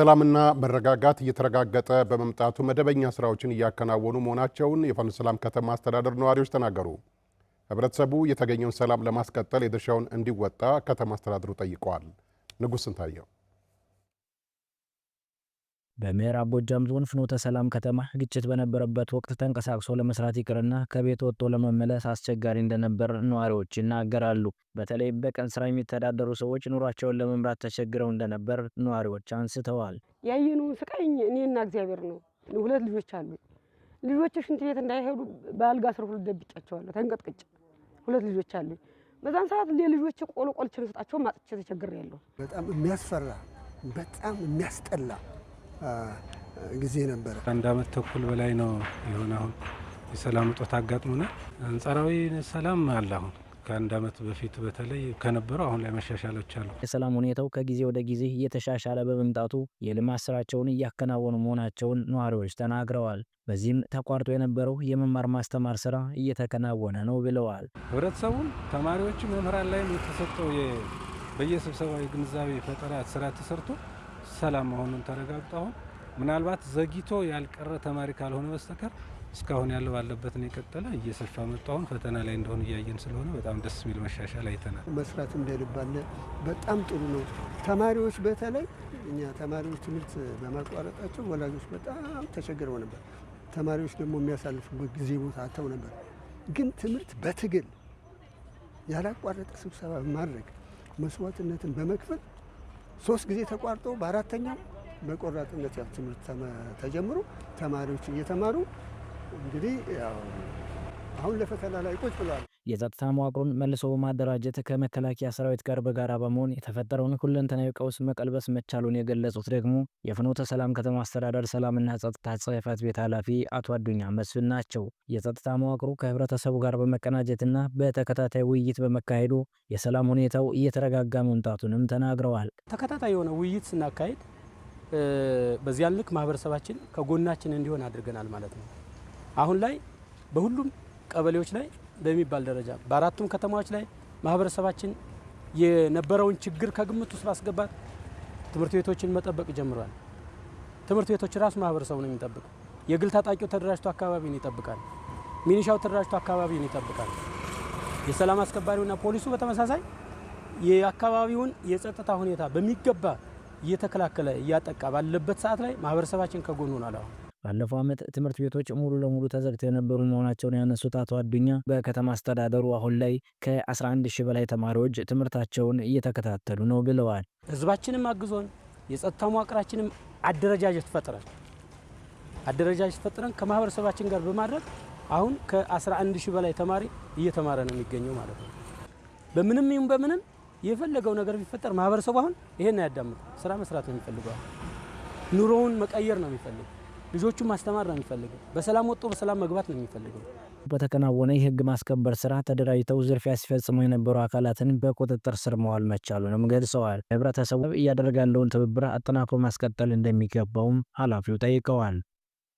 ሰላምና መረጋጋት እየተረጋገጠ በመምጣቱ መደበኛ ስራዎችን እያከናወኑ መሆናቸውን የፈኖ ሰላም ከተማ አስተዳደር ነዋሪዎች ተናገሩ። ህብረተሰቡ የተገኘውን ሰላም ለማስቀጠል የድርሻውን እንዲወጣ ከተማ አስተዳደሩ ጠይቀዋል። ንጉሥ ስንታየው በምዕራብ ጎጃም ዞን ፍኖተ ሰላም ከተማ ግጭት በነበረበት ወቅት ተንቀሳቅሶ ለመስራት ይቅርና ከቤት ወጥቶ ለመመለስ አስቸጋሪ እንደነበር ነዋሪዎች ይናገራሉ። በተለይ በቀን ስራ የሚተዳደሩ ሰዎች ኑሯቸውን ለመምራት ተቸግረው እንደነበር ነዋሪዎች አንስተዋል። ያየነውን ስቃይ እኔና እግዚአብሔር ነው። ሁለት ልጆች አሉ። ልጆች ሽንት ቤት እንዳይሄዱ በአልጋ ስር ሁሉ ደብቄያቸዋለሁ። ተንቀጥቅጭ ሁለት ልጆች አሉ። በዛን ሰዓት ለልጆች ቆሎ ቆልቼ ልሰጣቸው ማጥቼ ተቸግሬያለሁ። በጣም የሚያስፈራ በጣም የሚያስጠላ ጊዜ ነበረ። ከአንድ አመት ተኩል በላይ ነው የሆነ። አሁን የሰላም እጦት አጋጥሞናል። አንጻራዊ ሰላም አለ አሁን ከአንድ አመት በፊት በተለይ ከነበረው አሁን ላይ መሻሻሎች አሉ። የሰላም ሁኔታው ከጊዜ ወደ ጊዜ እየተሻሻለ በመምጣቱ የልማት ስራቸውን እያከናወኑ መሆናቸውን ነዋሪዎች ተናግረዋል። በዚህም ተቋርጦ የነበረው የመማር ማስተማር ስራ እየተከናወነ ነው ብለዋል። ህብረተሰቡም፣ ተማሪዎች፣ መምህራን ላይም የተሰጠው በየስብሰባዊ ግንዛቤ ፈጠራ ስራ ተሰርቶ ሰላም መሆኑን ተረጋግጦ አሁን ምናልባት ዘግይቶ ያልቀረ ተማሪ ካልሆነ በስተቀር እስካሁን ያለው ባለበት ነው የቀጠለ። እየሰፋ መጣ። አሁን ፈተና ላይ እንደሆነ እያየን ስለሆነ በጣም ደስ የሚል መሻሻል አይተናል። መስራት እንደልባለ በጣም ጥሩ ነው። ተማሪዎች በተለይ እኛ ተማሪዎች ትምህርት በማቋረጣቸው ወላጆች በጣም ተቸግረው ነበር። ተማሪዎች ደግሞ የሚያሳልፉበት ጊዜ ቦታ አተው ነበር። ግን ትምህርት በትግል ያላቋረጠ ስብሰባ ማድረግ መስዋዕትነትን በመክፈል ሶስት ጊዜ ተቋርጦ በአራተኛው በቆራጥነት ያው ትምህርት ተጀምሮ ተማሪዎች እየተማሩ እንግዲህ አሁን ለፈተና ላይ ቁጭ ብለዋል። የጸጥታ መዋቅሩን መልሶ በማደራጀት ከመከላከያ ሰራዊት ጋር በጋራ በመሆን የተፈጠረውን ሁለንተናዊ ቀውስ መቀልበስ መቻሉን የገለጹት ደግሞ የፍኖተ ሰላም ከተማ አስተዳደር ሰላምና ጸጥታ ጽሕፈት ቤት ኃላፊ አቶ አዱኛ መስፍን ናቸው። የጸጥታ መዋቅሩ ከህብረተሰቡ ጋር በመቀናጀትና በተከታታይ ውይይት በመካሄዱ የሰላም ሁኔታው እየተረጋጋ መምጣቱንም ተናግረዋል። ተከታታይ የሆነ ውይይት ስናካሄድ በዚያን ልክ ማህበረሰባችን ከጎናችን እንዲሆን አድርገናል ማለት ነው። አሁን ላይ በሁሉም ቀበሌዎች ላይ በሚባል ደረጃ በአራቱም ከተማዎች ላይ ማህበረሰባችን የነበረውን ችግር ከግምት ውስጥ ማስገባት ትምህርት ቤቶችን መጠበቅ ጀምሯል። ትምህርት ቤቶች ራሱ ማህበረሰቡ ነው የሚጠብቅ። የግል ታጣቂው ተደራጅቶ አካባቢን ይጠብቃል። ሚኒሻው ተደራጅቶ አካባቢን ይጠብቃል። የሰላም አስከባሪውና ፖሊሱ በተመሳሳይ የአካባቢውን የጸጥታ ሁኔታ በሚገባ እየተከላከለ እያጠቃ ባለበት ሰዓት ላይ ማህበረሰባችን ከጎኑ ሆኗል። ባለፈው ዓመት ትምህርት ቤቶች ሙሉ ለሙሉ ተዘግተው የነበሩ መሆናቸውን ያነሱት አቶ አዱኛ በከተማ አስተዳደሩ አሁን ላይ ከ11 ሺህ በላይ ተማሪዎች ትምህርታቸውን እየተከታተሉ ነው ብለዋል። ህዝባችንም አግዞን የጸጥታ መዋቅራችንም አደረጃጀት ፈጥረን አደረጃጀት ፈጥረን ከማህበረሰባችን ጋር በማድረግ አሁን ከ11 ሺህ በላይ ተማሪ እየተማረ ነው የሚገኘው ማለት ነው። በምንም ይሁን በምንም የፈለገው ነገር ቢፈጠር ማህበረሰቡ አሁን ይሄን አያዳምጥም። ስራ መስራት ነው የሚፈልገው። ኑሮውን መቀየር ነው የሚፈልገው። ልጆቹ ማስተማር ነው የሚፈልገው። በሰላም ወጥቶ በሰላም መግባት ነው የሚፈልገው። በተከናወነ የህግ ማስከበር ስራ ተደራጅተው ዝርፊያ ሲፈጽሙ የነበሩ አካላትን በቁጥጥር ስር መዋል መቻሉንም ገልጸዋል። ህብረተሰቡ እያደረገ ያለውን ትብብር አጠናክሮ ማስቀጠል እንደሚገባውም ኃላፊው ጠይቀዋል።